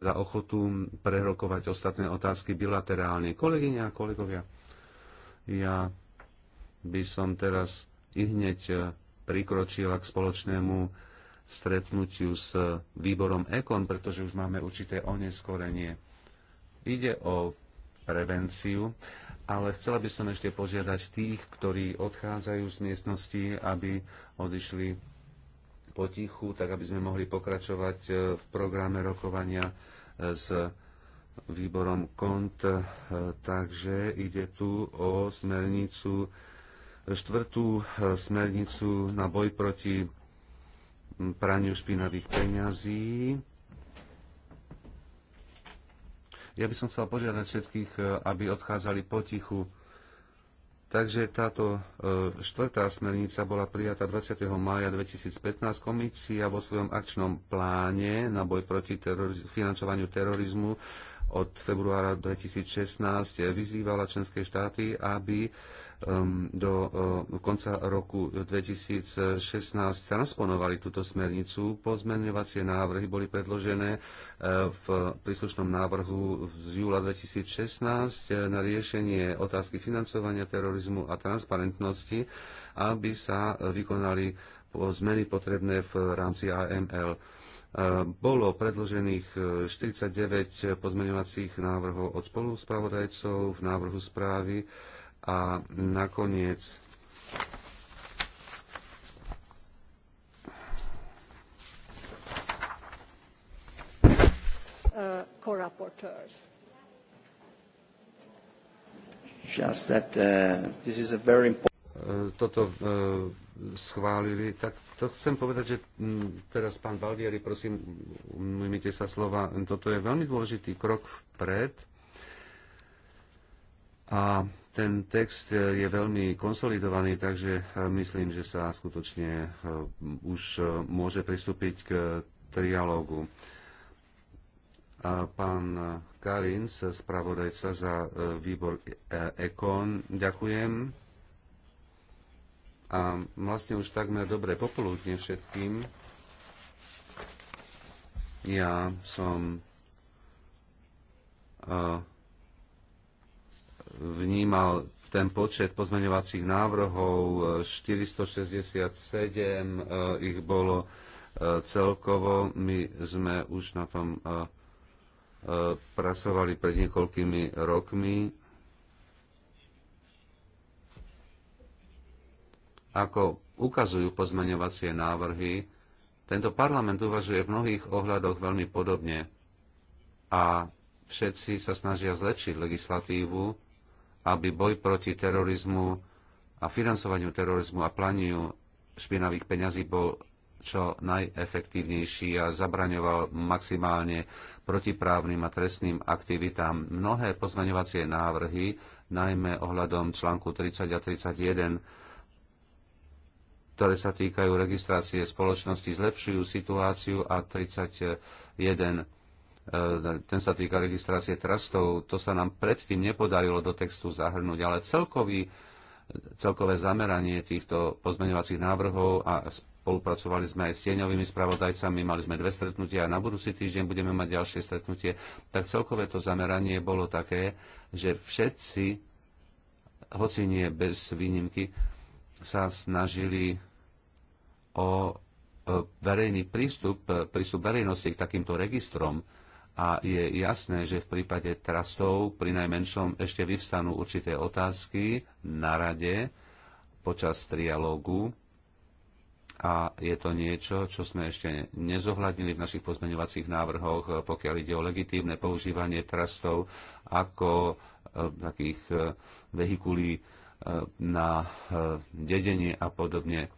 za ochotu prerokovať ostatné otázky bilaterálne. Kolegyne a kolegovia, ja by som teraz i hneď prikročila k spoločnému stretnutiu s výborom EKON, pretože už máme určité oneskorenie. Ide o prevenciu, ale chcela by som ešte požiadať tých, ktorí odchádzajú z miestnosti, aby odišli potichu, tak aby sme mohli pokračovať e, v programe rokovania e, s výborom KONT. E, takže ide tu o smernicu, štvrtú smernicu na boj proti praniu špinavých peňazí. Ja by som chcel požiadať všetkých, aby odchádzali potichu Takže táto e, štvrtá smernica bola prijatá 20. mája 2015. Komisia vo svojom akčnom pláne na boj proti teroriz- financovaniu terorizmu od februára 2016 vyzývala členské štáty, aby Ehm, do ehm, konca roku 2016 transponovali túto smernicu. Pozmeňovacie návrhy boli predložené ehm, v príslušnom návrhu z júla 2016 eh, na riešenie otázky financovania terorizmu a transparentnosti, aby sa vykonali zmeny potrebné v rámci AML. Bolo predložených 49 eh, pozmeňovacích návrhov od spoluspravodajcov v návrhu správy a nakoniec uh, Just that uh, this is a very important uh, toto uh, schválili, tak to chcem povedať, že mm, teraz pán Valdieri, prosím, umýmite sa slova. Toto je veľmi dôležitý krok vpred a ten text eh, je veľmi konsolidovaný, takže eh, myslím, že sa skutočne eh, už môže pristúpiť k trialógu. Pán Karins, spravodajca za výbor EKON, ďakujem. A vlastne už takmer dobre popoludne všetkým. Ja som vnímal ten počet pozmeňovacích návrhov 467 e, ich bolo e, celkovo. My sme už na tom e, pracovali pred niekoľkými rokmi. Ako ukazujú pozmeňovacie návrhy, tento parlament uvažuje v mnohých ohľadoch veľmi podobne a všetci sa snažia zlepšiť legislatívu, aby boj proti terorizmu a financovaniu terorizmu a planiu špinavých peňazí bol čo najefektívnejší a zabraňoval maximálne protiprávnym a trestným aktivitám. Mnohé pozmaňovacie návrhy, najmä ohľadom článku 30 a 31, ktoré sa týkajú registrácie spoločnosti, zlepšujú situáciu a 31 E, ten sa týka registrácie trastov, to sa nám predtým nepodarilo do textu zahrnúť, ale celkový, celkové zameranie týchto pozmeňovacích návrhov a spolupracovali sme aj s tieňovými spravodajcami, mali sme dve stretnutia a na budúci týždeň budeme mať ďalšie stretnutie, tak celkové to zameranie bolo také, že všetci, hoci nie bez výnimky, sa snažili o e, verejný prístup, prístup verejnosti k takýmto registrom, a je jasné, že v prípade trastov pri najmenšom ešte vyvstanú určité otázky na rade počas trialógu a je to niečo, čo sme ešte nezohľadnili v našich pozmeňovacích návrhoch, pokiaľ ide o legitímne používanie trastov ako e, takých e, vehikulí e, na dedenie a podobne.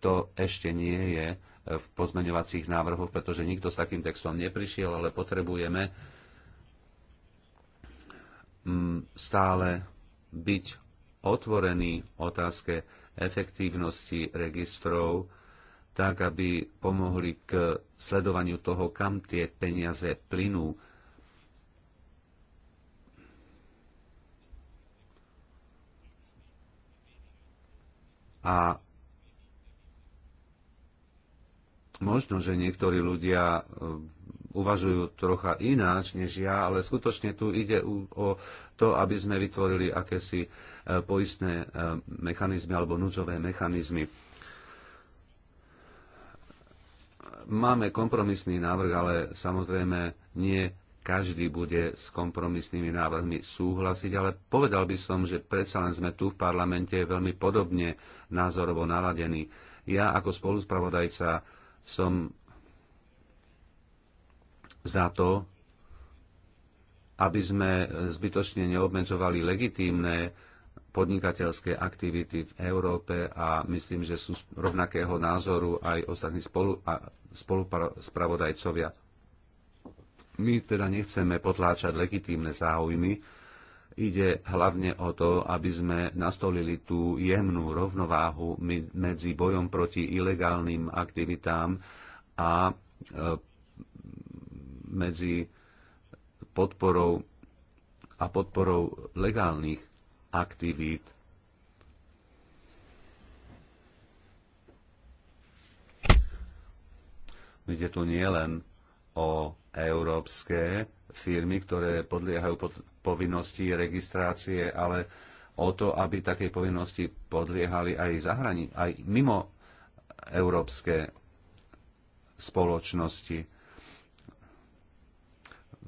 To ešte nie je v pozmeňovacích návrhoch, pretože nikto s takým textom neprišiel, ale potrebujeme mm, stále byť otvorený otázke efektívnosti registrov, tak aby pomohli k sledovaniu toho, kam tie peniaze plynú. A možno, že niektorí ľudia e, uvažujú trocha ináč než ja, ale skutočne tu ide o to, aby sme vytvorili akési e, poistné e, mechanizmy alebo núdzové mechanizmy. Máme kompromisný návrh, ale samozrejme nie každý bude s kompromisnými návrhmi súhlasiť, ale povedal by som, že predsa len sme tu v parlamente veľmi podobne názorovo naladení. Ja ako spoluspravodajca som za to, aby sme zbytočne neobmedzovali legitímne podnikateľské aktivity v Európe a myslím, že sú rovnakého názoru aj ostatní spolu, My teda nechceme potláčať legitímne záujmy, Ide hlavne o to, aby sme nastolili tú jemnú rovnováhu medzi bojom proti ilegálnym aktivitám a e, medzi podporou a podporou legálnych aktivít. Ide tu nielen o európske firmy, ktoré podliehajú pod povinnosti registrácie, ale o to, aby takej povinnosti podliehali aj zahrani, aj mimo európske spoločnosti.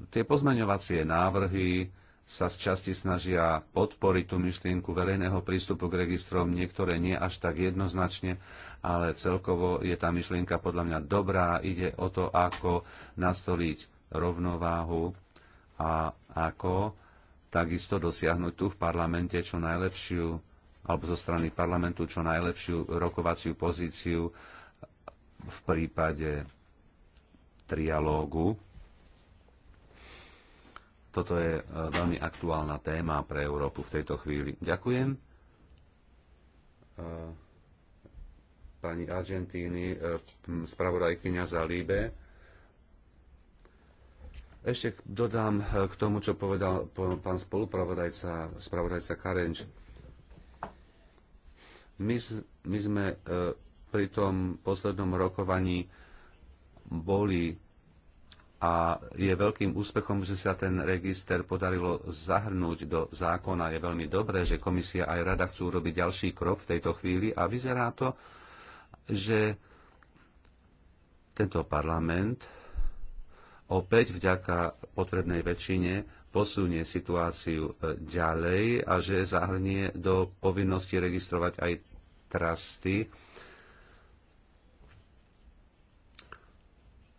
Tie pozmeňovacie návrhy sa z časti snažia podporiť tú myšlienku verejného prístupu k registrom, niektoré nie až tak jednoznačne, ale celkovo je tá myšlienka podľa mňa dobrá. Ide o to, ako nastoliť rovnováhu a ako takisto dosiahnuť tu v parlamente čo najlepšiu, alebo zo strany parlamentu čo najlepšiu rokovaciu pozíciu v prípade trialógu. Toto je e, veľmi aktuálna téma pre Európu v tejto chvíli. Ďakujem. E, pani Argentíny, e, spravodajkyňa za Líbe. Ešte dodám eh, k tomu, čo povedal pán spolupravodajca, spravodajca Karenč. My, my sme eh, pri tom poslednom rokovaní boli a je veľkým úspechom, že sa ten register podarilo zahrnúť do zákona. Je veľmi dobré, že komisia aj rada chcú robiť ďalší krok v tejto chvíli a vyzerá to, že tento parlament opäť vďaka potrebnej väčšine posunie situáciu e, ďalej a že zahrnie do povinnosti registrovať aj trasty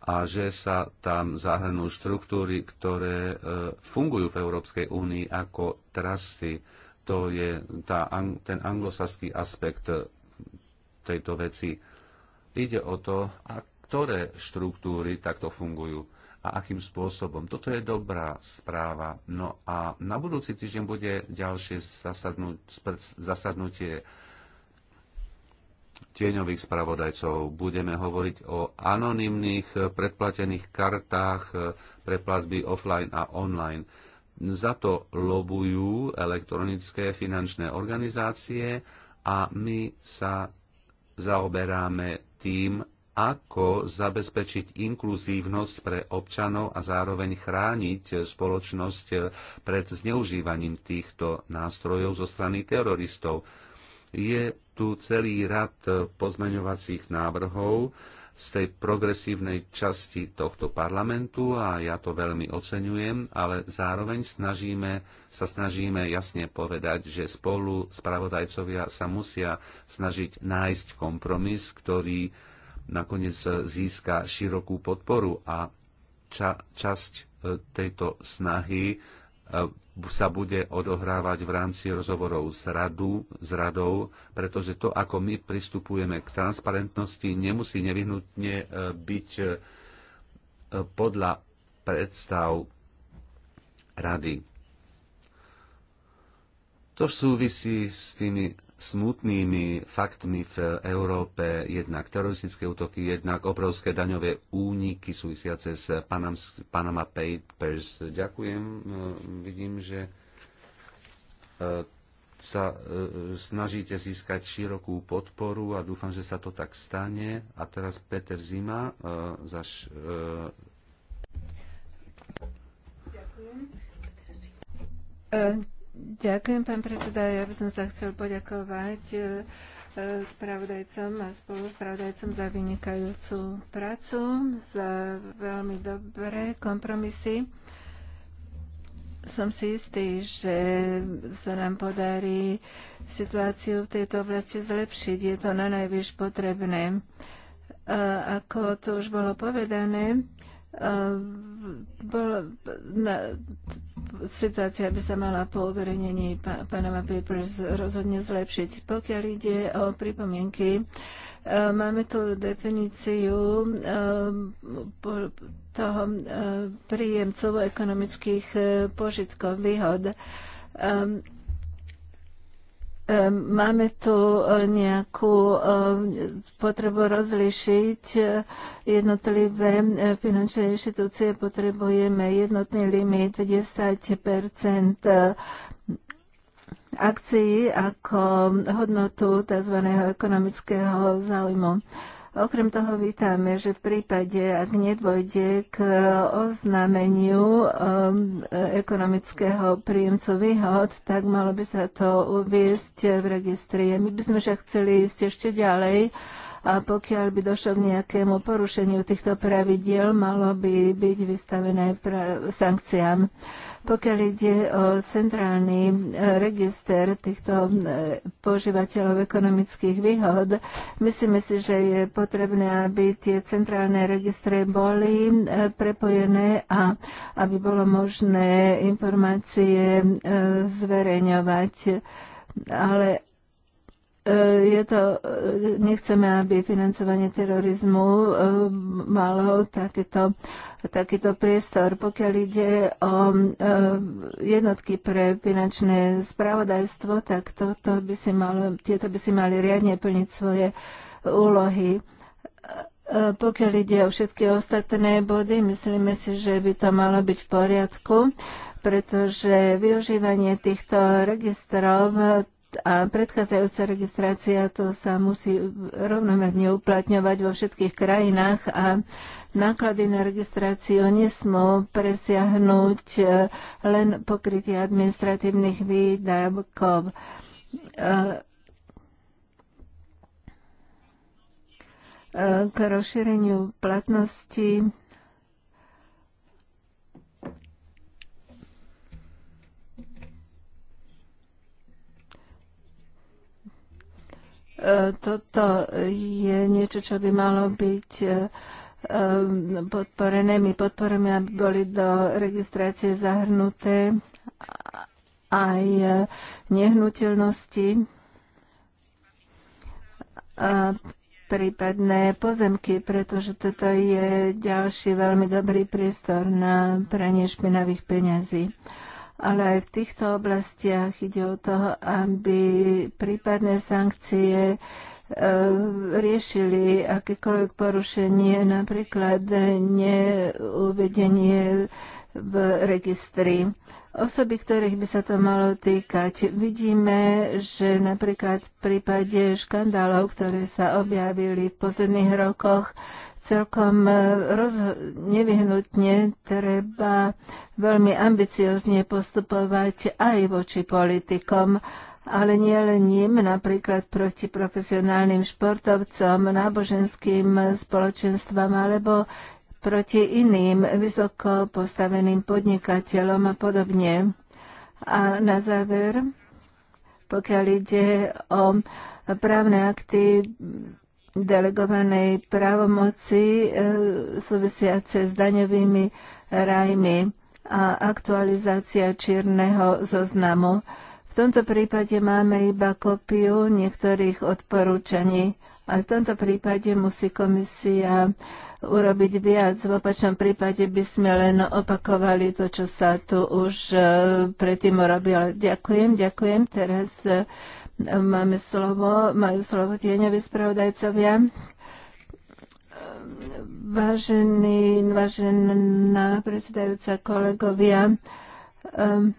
a že sa tam zahrnú štruktúry, ktoré e, fungujú v Európskej únii ako trasty. To je tá, ten anglosaský aspekt e, tejto veci. Ide o to, a ktoré štruktúry takto fungujú a akým spôsobom. Toto je dobrá správa. No a na budúci týždeň bude ďalšie zasadnutie tieňových spravodajcov. Budeme hovoriť o anonymných predplatených kartách e, pre platby offline a online. Za to lobujú elektronické finančné organizácie a my sa zaoberáme tým, ako zabezpečiť inkluzívnosť pre občanov a zároveň chrániť spoločnosť pred zneužívaním týchto nástrojov zo strany teroristov. Je tu celý rad pozmeňovacích návrhov z tej progresívnej časti tohto parlamentu a ja to veľmi oceňujem, ale zároveň snažíme, sa snažíme jasne povedať, že spolu spravodajcovia sa musia snažiť nájsť kompromis, ktorý nakoniec e, získa širokú podporu a ča- časť e, tejto snahy e, sa bude odohrávať v rámci rozhovorov s, radu, s radou, pretože to, ako my pristupujeme k transparentnosti, nemusí nevyhnutne byť podľa predstav rady. To súvisí s tými smutnými faktmi v Európe, jednak teroristické útoky, jednak obrovské daňové úniky súvisiace s Panams, Panama Papers. Ďakujem, e, vidím, že e, sa e, snažíte získať širokú podporu a dúfam, že sa to tak stane. A teraz Peter Zima zaš, Ďakujem. Ďakujem, pán predseda. Ja by som sa chcel poďakovať e, e, spravodajcom a spoluspravodajcom za vynikajúcu prácu, za veľmi dobré kompromisy. Som si istý, že sa nám podarí situáciu v tejto oblasti zlepšiť. Je to na najvyššie potrebné. Ako to už bolo povedané, Ehm, bol, na, situácia by sa mala po uverejnení Panama Papers rozhodne zlepšiť. Pokiaľ ide o pripomienky, ehm, máme tu definíciu ehm, toho príjemcov ekonomických e, požitkov, výhod. Ehm, máme tu eh, nejakú eh, potrebu rozlišiť eh, jednotlivé finančné inštitúcie. Potrebujeme jednotný limit 10 akcií ako hodnotu tzv. ekonomického záujmu. Okrem toho vítame, že v prípade, ak nedôjde k oznámeniu um, ekonomického príjemcu výhod, tak malo by sa to uviesť v registri. My by sme však chceli ísť ešte ďalej a pokiaľ by došlo k nejakému porušeniu týchto pravidiel, malo by byť vystavené sankciám. Pokiaľ ide o centrálny e, register týchto e, požívateľov ekonomických výhod, myslíme si, že je potrebné, aby tie centrálne registre boli e, prepojené a aby bolo možné informácie zverejňovať ale E, je to, e, nechceme, aby financovanie terorizmu e, malo takéto, takýto priestor. Pokiaľ ide o jednotky pre finančné spravodajstvo, tak toto by si malo, tieto by si mali riadne plniť svoje úlohy. Pokiaľ ide o všetky ostatné body, myslíme si, že by to malo byť v poriadku, pretože využívanie týchto registrov a predchádzajúca registrácia to sa musí rovnomerne uplatňovať vo všetkých krajinách a náklady na registráciu nesmú presiahnuť e, len pokrytie administratívnych výdavkov. E, k rozšíreniu platnosti Toto je niečo, čo by malo byť eh, eh, podporené. My podporujeme, aby boli do registrácie zahrnuté aj eh, nehnuteľnosti a prípadné pozemky, pretože toto je ďalší veľmi dobrý priestor na pranie špinavých peňazí ale aj v týchto oblastiach ide o to, aby prípadné sankcie e, riešili akékoľvek porušenie, napríklad neuvedenie v registri. Osoby, ktorých by sa to malo týkať. Vidíme, že napríklad v prípade škandálov, ktoré sa objavili v posledných rokoch, celkom e, nevyhnutne treba veľmi ambiciozne postupovať aj voči politikom, ale nie len ním, napríklad proti profesionálnym športovcom, náboženským spoločenstvám alebo proti iným vysoko postaveným podnikateľom a podobne. A na záver, pokiaľ ide o právne akty delegovanej právomoci e, súvisiace s daňovými rajmi a aktualizácia čierneho zoznamu. V tomto prípade máme iba kopiu niektorých odporúčaní. A v tomto prípade musí komisia urobiť viac. V opačnom prípade by sme len opakovali to, čo sa tu už e, predtým urobilo. Ďakujem, ďakujem. Teraz e, máme slovo, majú slovo tieňoví spravodajcovia. Vážený, vážená predsedajúca kolegovia, um,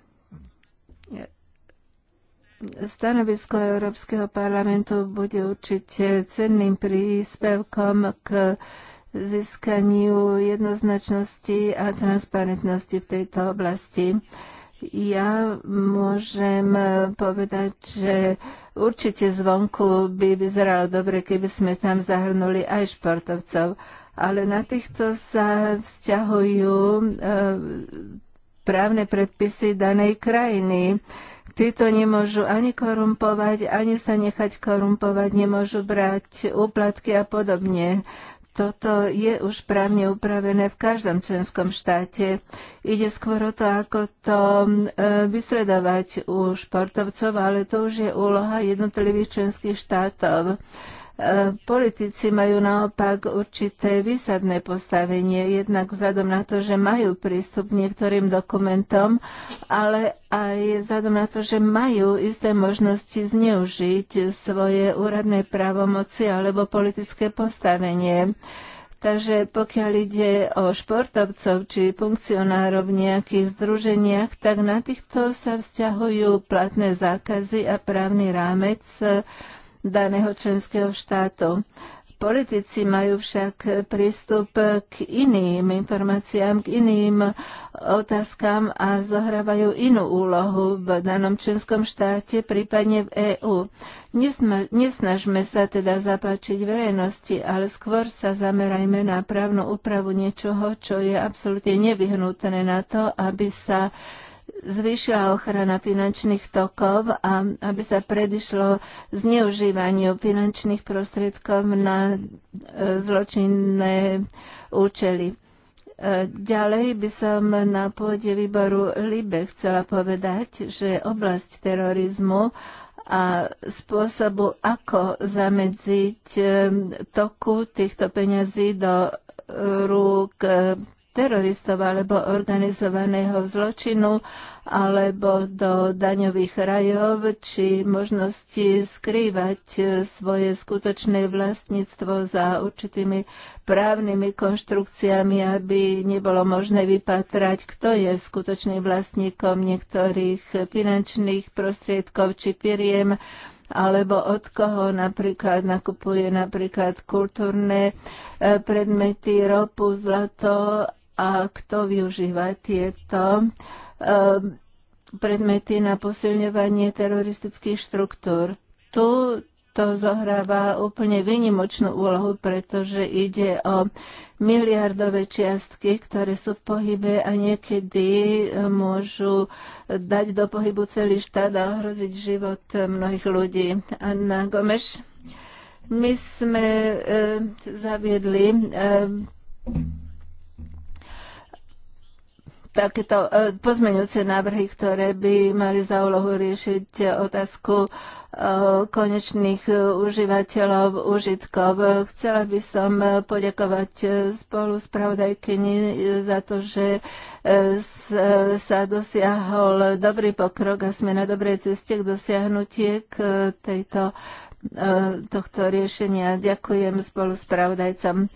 Stanovisko Európskeho parlamentu bude určite cenným príspevkom k získaniu jednoznačnosti a transparentnosti v tejto oblasti. Ja môžem povedať, že určite zvonku by vyzeralo dobre, keby sme tam zahrnuli aj športovcov, ale na týchto sa vzťahujú e, právne predpisy danej krajiny. Títo nemôžu ani korumpovať, ani sa nechať korumpovať, nemôžu brať úplatky a podobne. Toto je už právne upravené v každom členskom štáte. Ide skôr o to, ako to e, vysredovať u športovcov, ale to už je úloha jednotlivých členských štátov. Politici majú naopak určité výsadné postavenie, jednak vzhľadom na to, že majú prístup k niektorým dokumentom, ale aj vzhľadom na to, že majú isté možnosti zneužiť svoje úradné právomoci alebo politické postavenie. Takže pokiaľ ide o športovcov či funkcionárov v nejakých združeniach, tak na týchto sa vzťahujú platné zákazy a právny rámec daného členského štátu. Politici majú však prístup k iným informáciám, k iným otázkam a zohrávajú inú úlohu v danom členskom štáte, prípadne v EÚ. Nesnažme sa teda zapáčiť verejnosti, ale skôr sa zamerajme na právnu úpravu niečoho, čo je absolútne nevyhnutné na to, aby sa zvýšila ochrana finančných tokov a aby sa predišlo zneužívaniu finančných prostriedkov na e, zločinné účely. E, ďalej by som na pôde výboru LIBE chcela povedať, že oblasť terorizmu a spôsobu, ako zamedziť e, toku týchto peňazí do rúk teroristov alebo organizovaného zločinu alebo do daňových rajov, či možnosti skrývať e, svoje skutočné vlastníctvo za určitými právnymi konštrukciami, aby nebolo možné vypatrať, kto je skutočným vlastníkom niektorých finančných prostriedkov či firiem, alebo od koho napríklad nakupuje napríklad kultúrne e, predmety, ropu, zlato a kto využíva tieto eh, predmety na posilňovanie teroristických štruktúr. Tu to zohráva úplne vynimočnú úlohu, pretože ide o miliardové čiastky, ktoré sú v pohybe a niekedy eh, môžu dať do pohybu celý štát a ohroziť život eh, mnohých ľudí. Anna Gomeš, my sme e, zaviedli e, takéto e, pozmeňujúce návrhy, ktoré by mali za úlohu riešiť otázku e, konečných e, užívateľov užitkov. Chcela by som poďakovať spolu spravodajkyni za to, že sa dosiahol dobrý pokrok a sme na dobrej ceste k dosiahnutie k tejto tohto riešenia. Ďakujem spoluspravodajcom.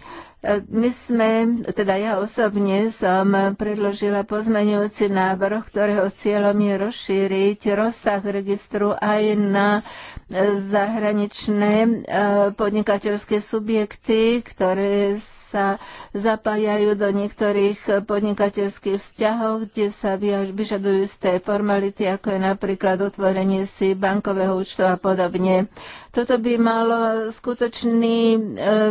My sme, teda ja osobne som predložila pozmeňujúci návrh, ktorého cieľom je rozšíriť rozsah registru aj na e, zahraničné e, podnikateľské subjekty, ktoré sa zapájajú do niektorých podnikateľských vzťahov, kde sa vyžadujú isté formality, ako je napríklad otvorenie si bankového účtu a podobne. Toto by malo skutočný e,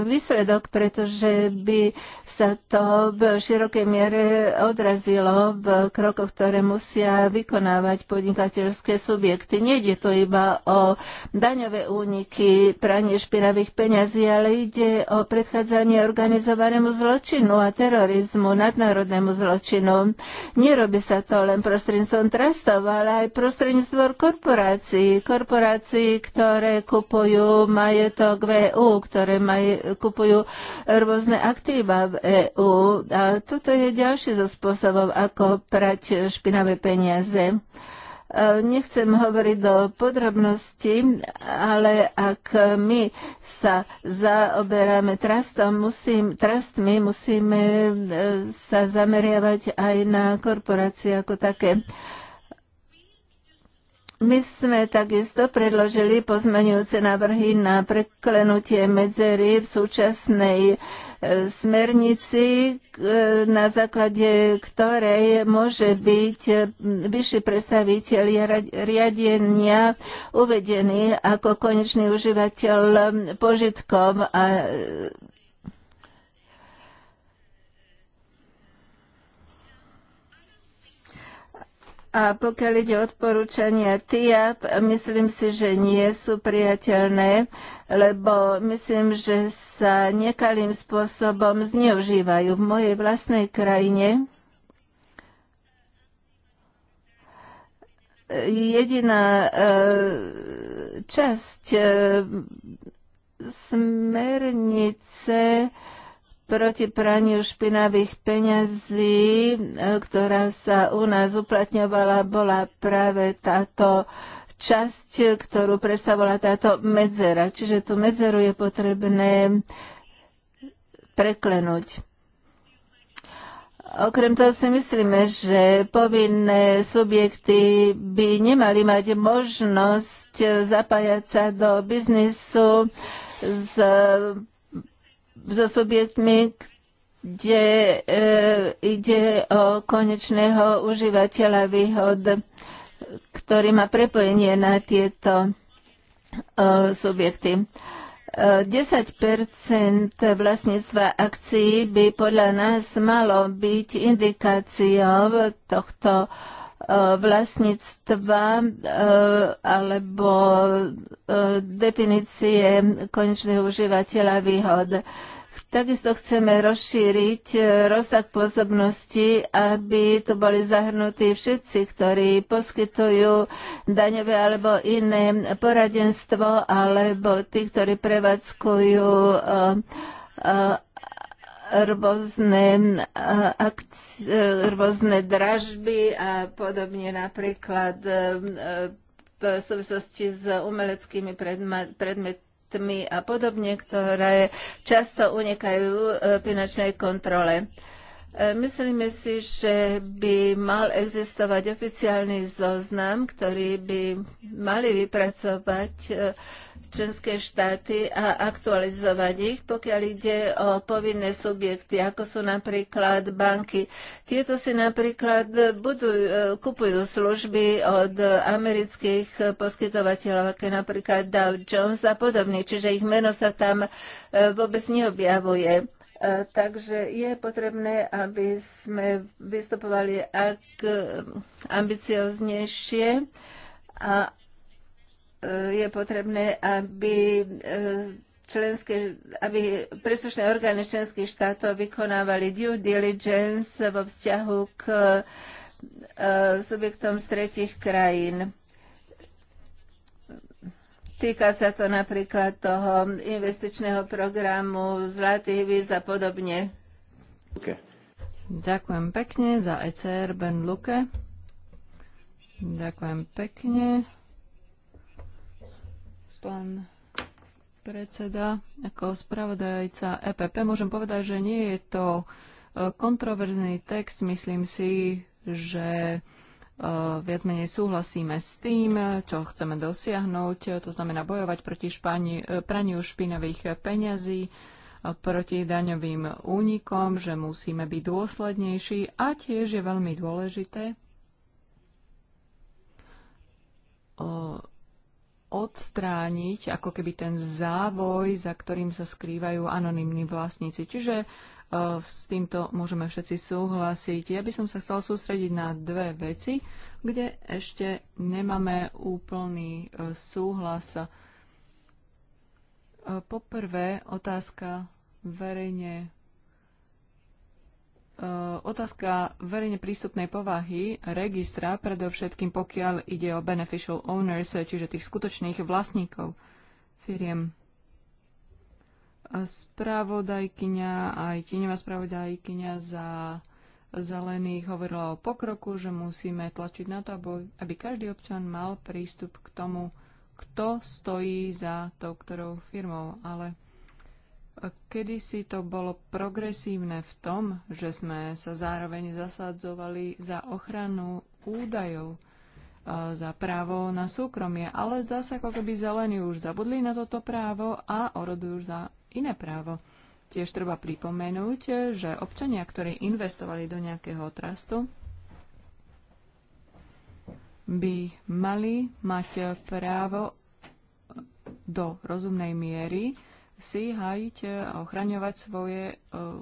výsledok, pretože by sa to v širokej miere odrazilo v krokoch, ktoré musia vykonávať podnikateľské subjekty. Nejde to iba o daňové úniky, pranie špinavých peňazí, ale ide o predchádzanie organizovaného organizovanému zločinu a terorizmu, nadnárodnému zločinu. Nerobí sa to len prostredníctvom trastov, ale aj prostredníctvom korporácií. Korporácií, ktoré kupujú majetok v EU, ktoré maj, kupujú rôzne aktíva v EU. A toto je ďalší zo spôsobov, ako prať špinavé peniaze. Nechcem hovoriť do podrobností, ale ak my sa zaoberáme trustom, musím, trustmi, musíme e, sa zameriavať aj na korporácie ako také. My sme takisto predložili pozmeňujúce návrhy na preklenutie medzery v súčasnej e, smernici, e, na základe ktorej môže byť e, vyšší predstaviteľ riadenia uvedený ako konečný užívateľ požitkov a A pokiaľ ide odporúčania TIAP, myslím si, že nie sú priateľné, lebo myslím, že sa nekalým spôsobom zneužívajú. V mojej vlastnej krajine jediná e, časť e, smernice proti praniu špinavých peňazí, e, ktorá sa u nás uplatňovala, bola práve táto časť, ktorú predstavovala táto medzera. Čiže tú medzeru je potrebné preklenúť. Okrem toho si myslíme, že povinné subjekty by nemali mať možnosť zapájať sa do biznisu s so subjektmi, kde e, ide o konečného užívateľa výhod, ktorý má prepojenie na tieto e, subjekty. E, 10 vlastníctva akcií by podľa nás malo byť indikáciou tohto e, E, vlastníctva e, alebo e, definície konečného užívateľa výhod. Takisto chceme rozšíriť rozsah pôsobnosti, aby tu boli zahrnutí všetci, ktorí poskytujú daňové alebo iné poradenstvo, alebo tí, ktorí prevádzkujú rôzne, eh, akcie, eh, rôzne dražby a podobne napríklad eh, v súvislosti s umeleckými predmetmi a podobne, ktoré často unikajú finančnej kontrole. Myslíme si, že by mal existovať oficiálny zoznam, ktorý by mali vypracovať členské štáty a aktualizovať ich, pokiaľ ide o povinné subjekty, ako sú napríklad banky. Tieto si napríklad budujú, e, kupujú služby od amerických poskytovateľov, ako napríklad Dow Jones a podobne, čiže ich meno sa tam e, vôbec neobjavuje e, takže je potrebné, aby sme vystupovali ak ambicioznejšie a je potrebné, aby e, členské, aby príslušné orgány členských štátov vykonávali due diligence vo vzťahu k e, subjektom z tretich krajín. Týka sa to napríklad toho investičného programu zlatý víz a podobne. Okay. Ďakujem pekne za ECR Ben Luke. Ďakujem pekne pán predseda. Ako spravodajca EPP môžem povedať, že nie je to e, kontroverzný text. Myslím si, že e, viac menej súhlasíme s tým, e, čo chceme dosiahnuť, to znamená bojovať proti špani, praniu špinavých peňazí, proti daňovým únikom, že musíme byť dôslednejší a tiež je veľmi dôležité odstrániť ako keby ten závoj, za ktorým sa skrývajú anonimní vlastníci. Čiže e, s týmto môžeme všetci súhlasiť. Ja by som sa chcel sústrediť na dve veci, kde ešte nemáme úplný e, súhlas. E, poprvé otázka verejne Eh, otázka verejne prístupnej povahy registra, predovšetkým pokiaľ ide o beneficial owners, čiže tých skutočných vlastníkov firiem. Spravodajkyňa aj tieňová spravodajkyňa za zelených hovorila o pokroku, že musíme tlačiť na to, aby každý občan mal prístup k tomu, kto stojí za tou ktorou firmou. Ale Kedysi to bolo progresívne v tom, že sme sa zároveň zasadzovali za ochranu údajov, za právo na súkromie, ale zdá sa, ako keby zelení už zabudli na toto právo a orodujú za iné právo. Tiež treba pripomenúť, že občania, ktorí investovali do nejakého trastu, by mali mať právo do rozumnej miery si hájiť, e, ochraňovať svoje e,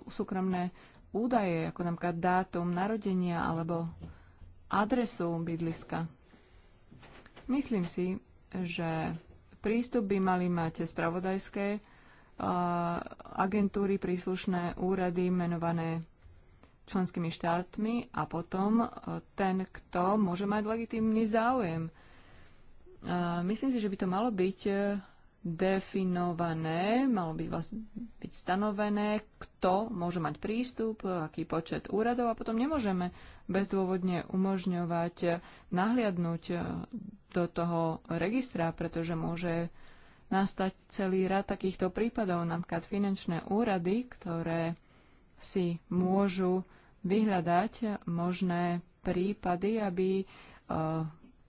súkromné údaje, ako napríklad dátum narodenia alebo adresu bydliska. Myslím si, že prístup by mali mať spravodajské e, agentúry, príslušné úrady menované členskými štátmi a potom ten, kto môže mať legitímny záujem. Myslím si, že by to malo byť definované, malo by vlastne byť stanovené, kto môže mať prístup, aký počet úradov a potom nemôžeme bezdôvodne umožňovať nahliadnúť do toho registra, pretože môže nastať celý rad takýchto prípadov, napríklad finančné úrady, ktoré si môžu vyhľadať možné prípady, aby eh,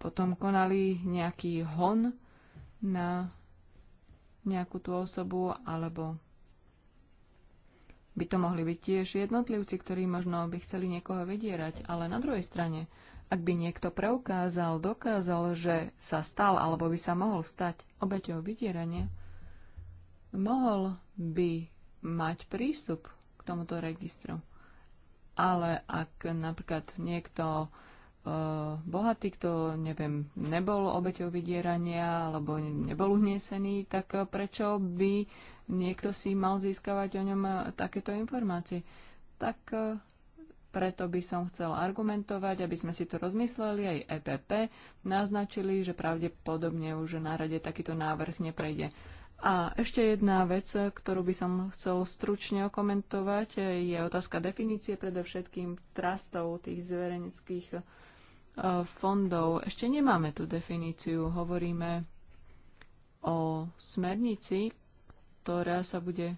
potom konali nejaký hon na nejakú tú osobu, alebo by to mohli byť tiež jednotlivci, ktorí možno by chceli niekoho vydierať, ale na druhej strane, ak by niekto preukázal, dokázal, že sa stal alebo by sa mohol stať obeťou vydierania, mohol by mať prístup k tomuto registru. Ale ak napríklad niekto Eh, bohatý, kto, neviem, nebol obeťou vydierania alebo nebol uhnesený, tak eh, prečo by niekto si mal získavať o ňom eh, takéto informácie? Tak preto by som chcel argumentovať, aby sme si to rozmysleli, aj EPP naznačili, že pravdepodobne už na rade takýto návrh neprejde. A ešte jedna vec, ktorú by som chcel stručne okomentovať, je otázka definície predovšetkým trastov, tých zverejneckých E, fondov. Ešte nemáme tú definíciu. Hovoríme o smernici, ktorá sa bude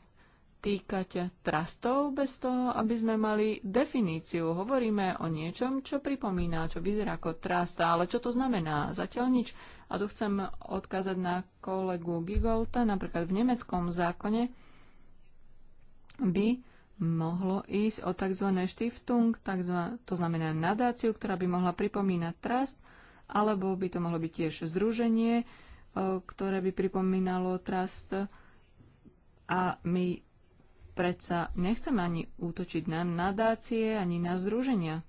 týkať trastov bez toho, aby sme mali definíciu. Hovoríme o niečom, čo pripomína, čo vyzerá ako trasta, ale čo to znamená? Zatiaľ nič. A tu chcem odkázať na kolegu Gigolta, napríklad v nemeckom zákone by mohlo ísť o tzv. štiftung, tzv. to znamená nadáciu, ktorá by mohla pripomínať trust, alebo by to mohlo byť tiež združenie, e, ktoré by pripomínalo trust. A my predsa nechceme ani útočiť na nadácie, ani na združenia.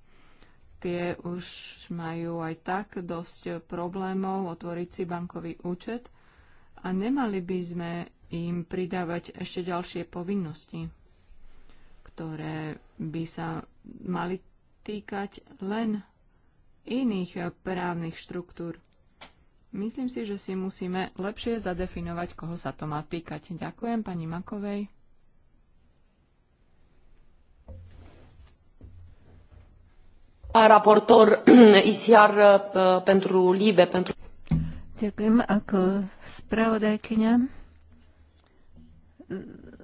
Tie už majú aj tak dosť problémov otvoriť si bankový účet a nemali by sme im pridávať ešte ďalšie povinnosti ktoré by sa mali týkať len iných právnych štruktúr. Myslím si, že si musíme lepšie zadefinovať, koho sa to má týkať. Ďakujem pani Makovej. raportor ISIAR eh, pentru LIBE, pentru... Ďakujem ako spravodajkyňa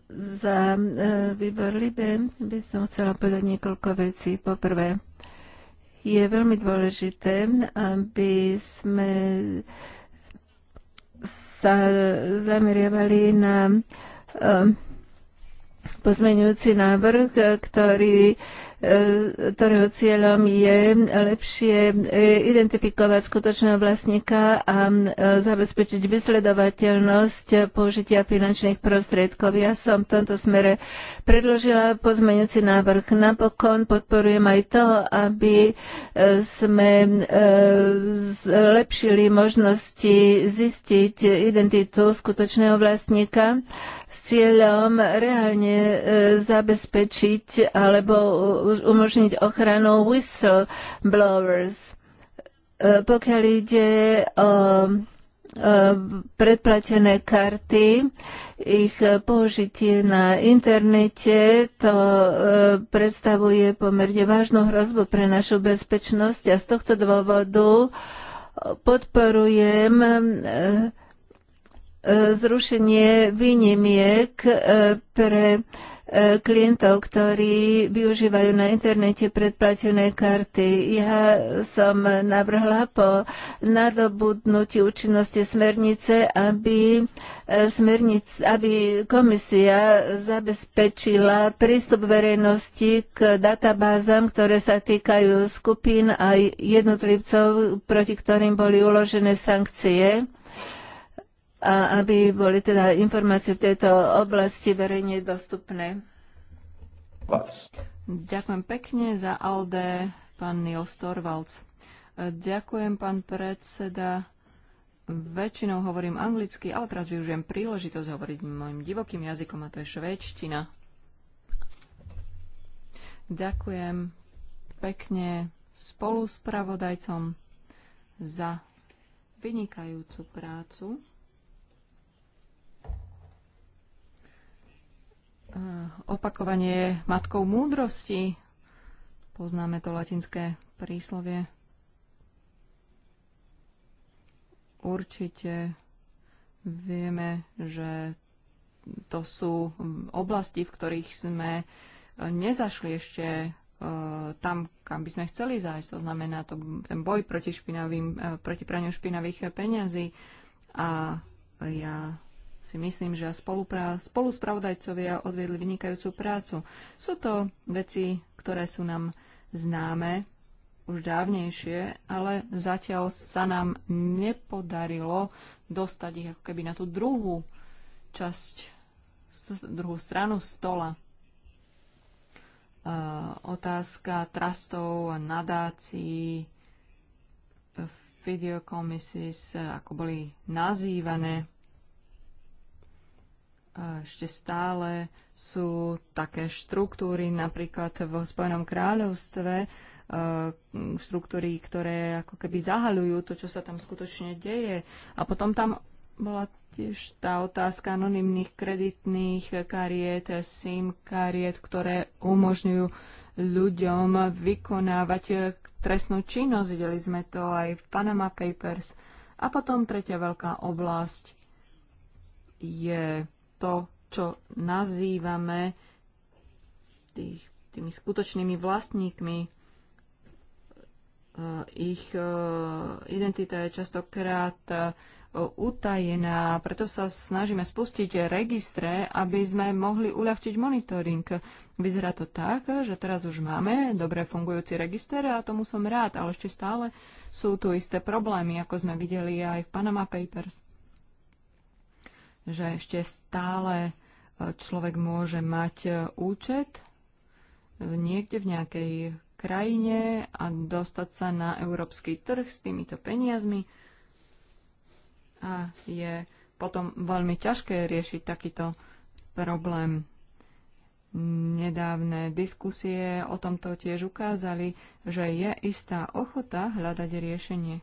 za e, výbor Libe by som chcela povedať niekoľko vecí. Poprvé, je veľmi dôležité, aby sme sa zameriavali na e, pozmeňujúci návrh, ktorý E, ktorého cieľom je lepšie e, identifikovať skutočného vlastníka a e, zabezpečiť vysledovateľnosť použitia finančných prostriedkov. Ja som v tomto smere predložila pozmeňujúci návrh. Napokon podporujem aj to, aby sme zlepšili možnosti zistiť identitu skutočného vlastníka s cieľom reálne zabezpečiť alebo umožniť ochranu whistleblowers. E, pokiaľ ide o e, predplatené karty, ich použitie na internete, to e, predstavuje pomerne vážnu hrozbu pre našu bezpečnosť a z tohto dôvodu podporujem zrušenie výnimiek pre klientov, ktorí využívajú na internete predplatené karty. Ja som navrhla po nadobudnutí účinnosti smernice, aby, e, smernic, aby komisia zabezpečila prístup verejnosti k databázam, ktoré sa týkajú skupín a jednotlivcov, proti ktorým boli uložené sankcie a aby boli teda informácie v tejto oblasti verejne dostupné. Vás. Ďakujem pekne za Alde, pán Nils Storvalds. E, ďakujem, pán predseda. Väčšinou hovorím anglicky, ale teraz využijem príležitosť hovoriť môjim divokým jazykom, a to je švédština. Ďakujem pekne spoluspravodajcom za vynikajúcu prácu. Eh, opakovanie je matkou múdrosti. Poznáme to latinské príslovie. Určite vieme, že to sú oblasti, v ktorých sme eh, nezašli ešte eh, tam, kam by sme chceli zájsť. To znamená to, ten boj proti, špinavým, proti praniu špinavých peňazí. A ja si myslím, že spoluspravodajcovia odviedli vynikajúcu prácu. Sú to veci, ktoré sú nám známe už dávnejšie, ale zatiaľ sa nám nepodarilo dostať ich ako keby na tú druhú časť, druhú stranu stola. otázka trastov a nadácií, e, videokomisis, ako boli nazývané, ešte stále sú také štruktúry, napríklad v Spojenom kráľovstve, e, štruktúry, ktoré ako keby zahalujú to, čo sa tam skutočne deje. A potom tam bola tiež tá otázka anonimných kreditných kariet, SIM kariet, ktoré umožňujú ľuďom vykonávať trestnú činnosť. Videli sme to aj v Panama Papers. A potom tretia veľká oblasť je to, čo nazývame tých, tými skutočnými vlastníkmi. E, ich e, identita je častokrát e, utajená, preto sa snažíme spustiť registre, aby sme mohli uľahčiť monitoring. Vyzerá to tak, že teraz už máme dobre fungujúci register a tomu som rád, ale ešte stále sú tu isté problémy, ako sme videli aj v Panama Papers že ešte stále e, človek môže mať e, účet e, niekde v nejakej krajine a dostať sa na európsky trh s týmito peniazmi. A je potom veľmi ťažké riešiť takýto problém. Nedávne diskusie o tomto tiež ukázali, že je istá ochota hľadať riešenie.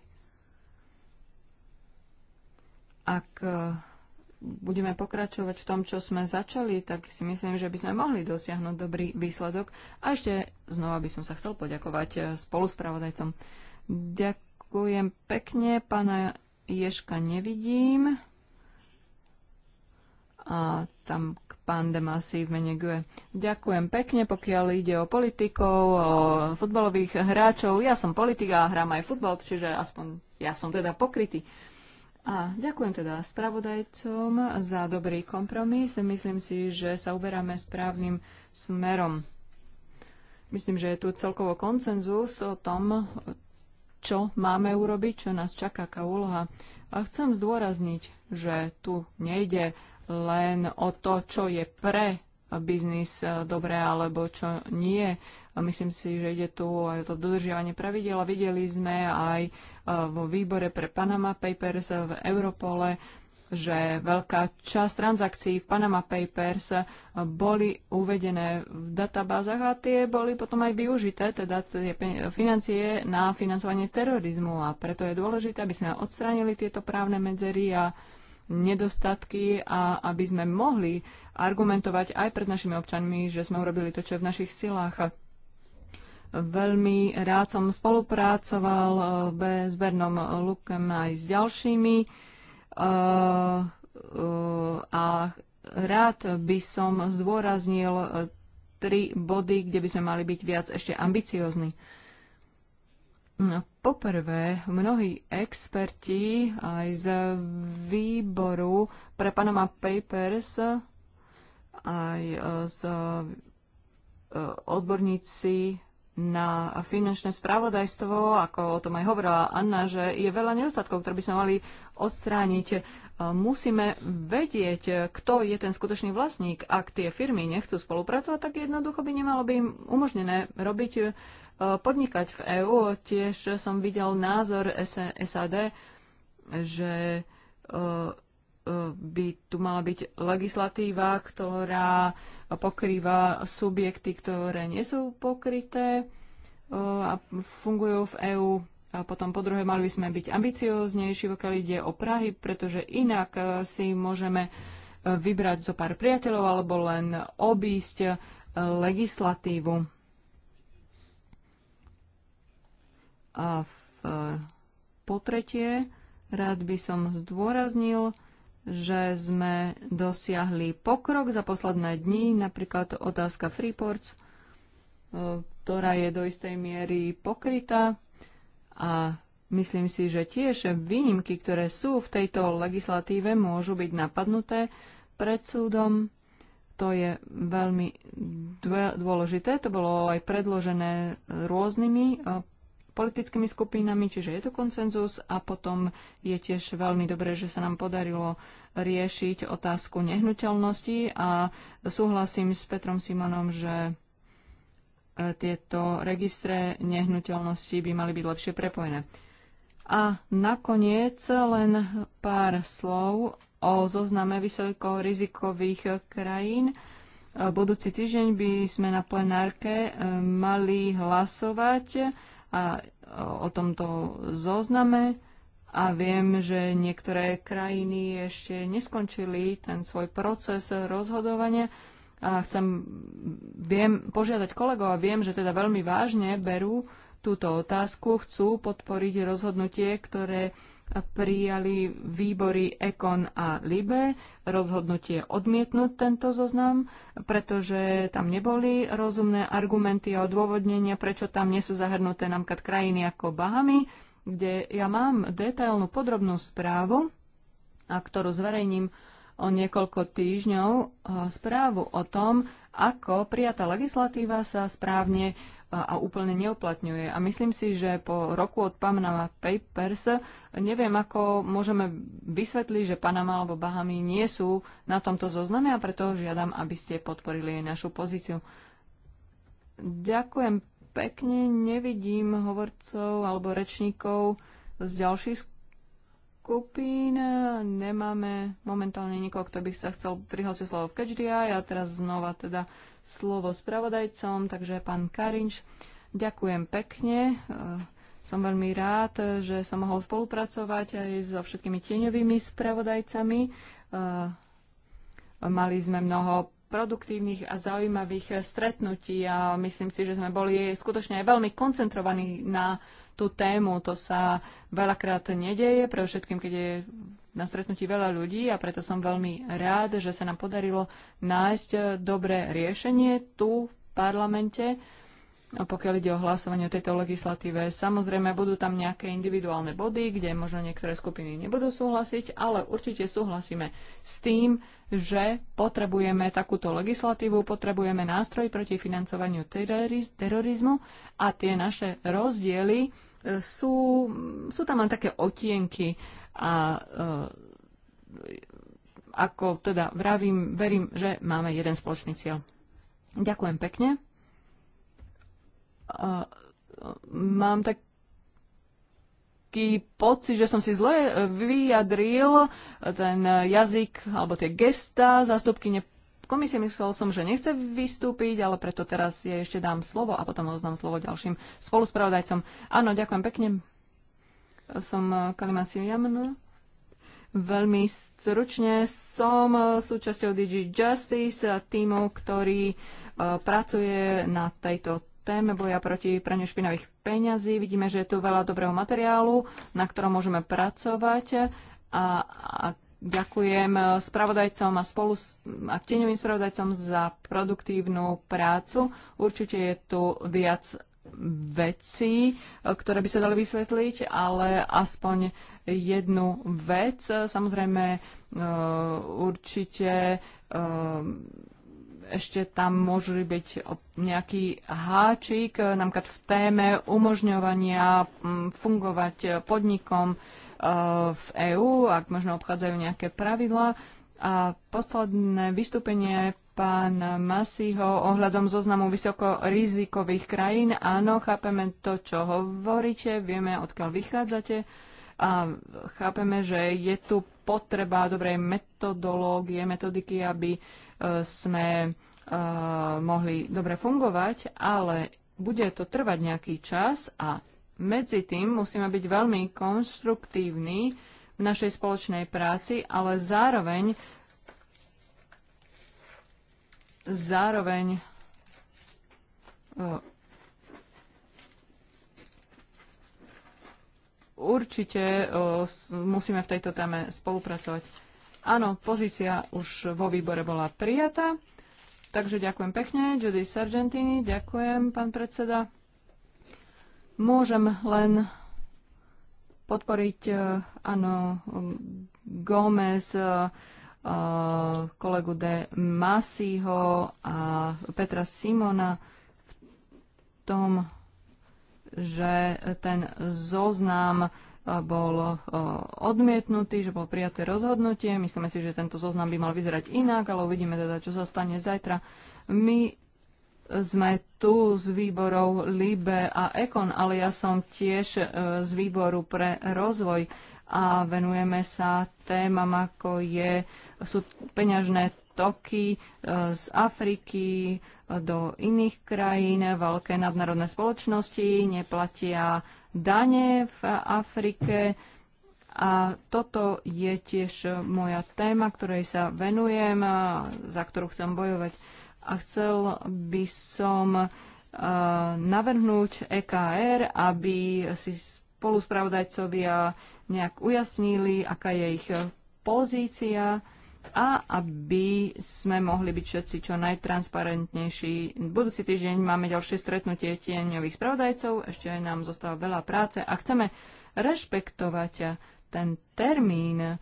Ak budeme pokračovať v tom, čo sme začali, tak si myslím, že by sme mohli dosiahnuť dobrý výsledok. A ešte znova by som sa chcel poďakovať eh, spoluspravodajcom. Ďakujem pekne, pána Ješka nevidím. A tam k pán Demasi v mene GUE. Ďakujem pekne, pokiaľ ide o politikov, o futbalových hráčov. Ja som politik a hrám aj futbal, čiže aspoň ja som teda pokrytý. Uh, a ďakujem teda spravodajcom za dobrý kompromis. Myslím si, že sa uberáme správnym smerom. Myslím, že je tu celkovo koncenzus o tom, čo máme urobiť, čo nás čaká, aká úloha. A chcem zdôrazniť, že tu nejde len o to, čo je pre biznis e, dobre alebo čo nie. Myslím si, že ide tu aj to dodržiavanie pravidel. Videli sme aj e, vo výbore pre Panama Papers e, v Europole, že veľká časť transakcií v Panama Papers boli uvedené v databázach a tie boli potom aj využité, teda tie financie na financovanie terorizmu a preto je dôležité, aby sme odstránili tieto právne medzery a nedostatky a aby sme mohli argumentovať aj pred našimi občanmi, že sme urobili to, čo je v našich silách. Veľmi rád som spolupracoval eh, s Bernom Lukem aj s ďalšími eh, eh, a rád by som zdôraznil tri body, kde by sme mali byť viac ešte ambiciozni. Poprvé, mnohí experti aj z výboru pre Panama Papers, aj e, z e, odborníci na finančné spravodajstvo, ako o tom aj hovorila Anna, že je veľa nedostatkov, ktoré by sme mali odstrániť musíme vedieť, kto je ten skutočný vlastník. Ak tie firmy nechcú spolupracovať, tak jednoducho by nemalo by im umožnené robiť, e, podnikať v EÚ. Tiež som videl názor SAD, že e, e, by tu mala byť legislatíva, ktorá pokrýva subjekty, ktoré nie sú pokryté a fungujú v EÚ a potom po druhé, mali by sme byť ambicióznejší, pokiaľ ide o Prahy, pretože inak e, si môžeme e, vybrať zo pár priateľov alebo len obísť e, legislatívu. A v, po tretie, rád by som zdôraznil, že sme dosiahli pokrok za posledné dni, napríklad otázka Freeports, ktorá je do istej miery pokrytá a myslím si, že tiež výnimky, ktoré sú v tejto legislatíve, môžu byť napadnuté pred súdom. To je veľmi dôležité. To bolo aj predložené rôznymi e, politickými skupinami, čiže je to konsenzus a potom je tiež veľmi dobré, že sa nám podarilo riešiť otázku nehnuteľnosti a súhlasím s Petrom Simonom, že tieto registre nehnuteľností by mali byť lepšie prepojené. A nakoniec len pár slov o zozname vysokorizikových krajín. Budúci týždeň by sme na plenárke eh, mali hlasovať eh, a o tomto zozname a viem, že niektoré krajiny ešte neskončili ten svoj proces rozhodovania a chcem, viem požiadať kolegov a viem, že teda veľmi vážne berú túto otázku, chcú podporiť rozhodnutie, ktoré prijali výbory Ekon a Libe rozhodnutie odmietnúť tento zoznam, pretože tam neboli rozumné argumenty a odôvodnenia, prečo tam nie sú zahrnuté napríklad krajiny ako Bahamy, kde ja mám detailnú podrobnú správu, a ktorú zverejním o niekoľko týždňov e, správu o tom, ako prijatá legislatíva sa správne e, a úplne neuplatňuje. A myslím si, že po roku od Panama Papers neviem, ako môžeme vysvetliť, že Panama alebo Bahamy nie sú na tomto zozname a preto žiadam, aby ste podporili aj našu pozíciu. Ďakujem pekne. Nevidím hovorcov alebo rečníkov z ďalších skupín. Nemáme momentálne nikoho, kto by sa chcel prihlásiť slovo v KDI a teraz znova teda slovo spravodajcom, takže pán Karinč, ďakujem pekne. E, som veľmi rád, že som mohol spolupracovať aj so všetkými tieňovými spravodajcami. E, mali sme mnoho produktívnych a zaujímavých stretnutí a myslím si, že sme boli skutočne aj veľmi koncentrovaní na tú tému. To sa veľakrát nedeje, pre všetkým, keď je na stretnutí veľa ľudí a preto som veľmi rád, že sa nám podarilo nájsť e, dobré riešenie tu v parlamente, pokiaľ ide o hlasovanie o tejto legislatíve. Samozrejme, budú tam nejaké individuálne body, kde možno niektoré skupiny nebudú súhlasiť, ale určite súhlasíme s tým, že potrebujeme takúto legislatívu, potrebujeme nástroj proti financovaniu teroriz terorizmu a tie naše rozdiely sú, sú tam len také otienky a e, ako teda vravím, verím, že máme jeden spoločný cieľ. Ďakujem pekne. Mám tak taký pocit, že som si zle vyjadril ten jazyk alebo tie gesta zástupky komisie. Myslel som, že nechce vystúpiť, ale preto teraz ja ešte dám slovo a potom oznám slovo ďalším spoluspravodajcom. Áno, ďakujem pekne. Som Kalima Siriamn. Veľmi stručne som súčasťou DG Justice, týmu, ktorý e, pracuje na tejto téme boja proti praniu špinavých peňazí. Vidíme, že je tu veľa dobrého materiálu, na ktorom môžeme pracovať a a Ďakujem e, spravodajcom a spolu a tieňovým spravodajcom za produktívnu prácu. Určite je tu viac vecí, e, ktoré by sa dali vysvetliť, ale aspoň jednu vec. E, samozrejme, určite ešte tam môže byť nejaký háčik, napríklad v téme umožňovania fungovať podnikom, v EÚ, ak možno obchádzajú nejaké pravidlá. A posledné vystúpenie pána Masiho ohľadom zoznamu vysokorizikových krajín. Áno, chápeme to, čo hovoríte, vieme, odkiaľ vychádzate a chápeme, že je tu potreba dobrej metodológie, metodiky, aby e, sme e, mohli dobre fungovať, ale bude to trvať nejaký čas a medzi tým musíme byť veľmi konštruktívni v našej spoločnej práci, ale zároveň zároveň eh, určite eh, musíme v tejto téme spolupracovať. Áno, pozícia už vo výbore bola prijatá, takže ďakujem pekne. Judy Sargentini, ďakujem, pán predseda. Môžem len podporiť, eh, áno, Gómez, eh, eh, kolegu de Masiho a Petra Simona v tom, že ten zoznam bol odmietnutý, že bol prijaté rozhodnutie. Myslíme si, že tento zoznam by mal vyzerať inak, ale uvidíme teda, čo sa stane zajtra. My sme tu z výborov LIBE a EKON, ale ja som tiež e, z výboru pre rozvoj a venujeme sa témam, ako je, sú peňažné toky e, z Afriky e, do iných krajín, veľké nadnárodné spoločnosti neplatia dane v Afrike. A toto je tiež moja téma, ktorej sa venujem a za ktorú chcem bojovať a chcel by som e, navrhnúť EKR, aby si spoluspravodajcovia nejak ujasnili, aká je ich pozícia a aby sme mohli byť všetci čo najtransparentnejší. Budúci týždeň máme ďalšie stretnutie tieňových spravodajcov, ešte nám zostáva veľa práce a chceme rešpektovať ten termín,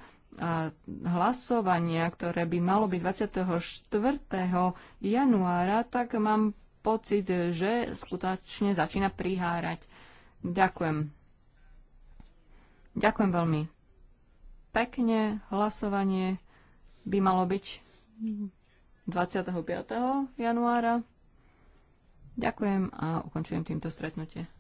hlasovania, ktoré by malo byť 24. januára, tak mám pocit, že skutočne začína prihárať. Ďakujem. Ďakujem veľmi pekne. Hlasovanie by malo byť 25. januára. Ďakujem a ukončujem týmto stretnutie.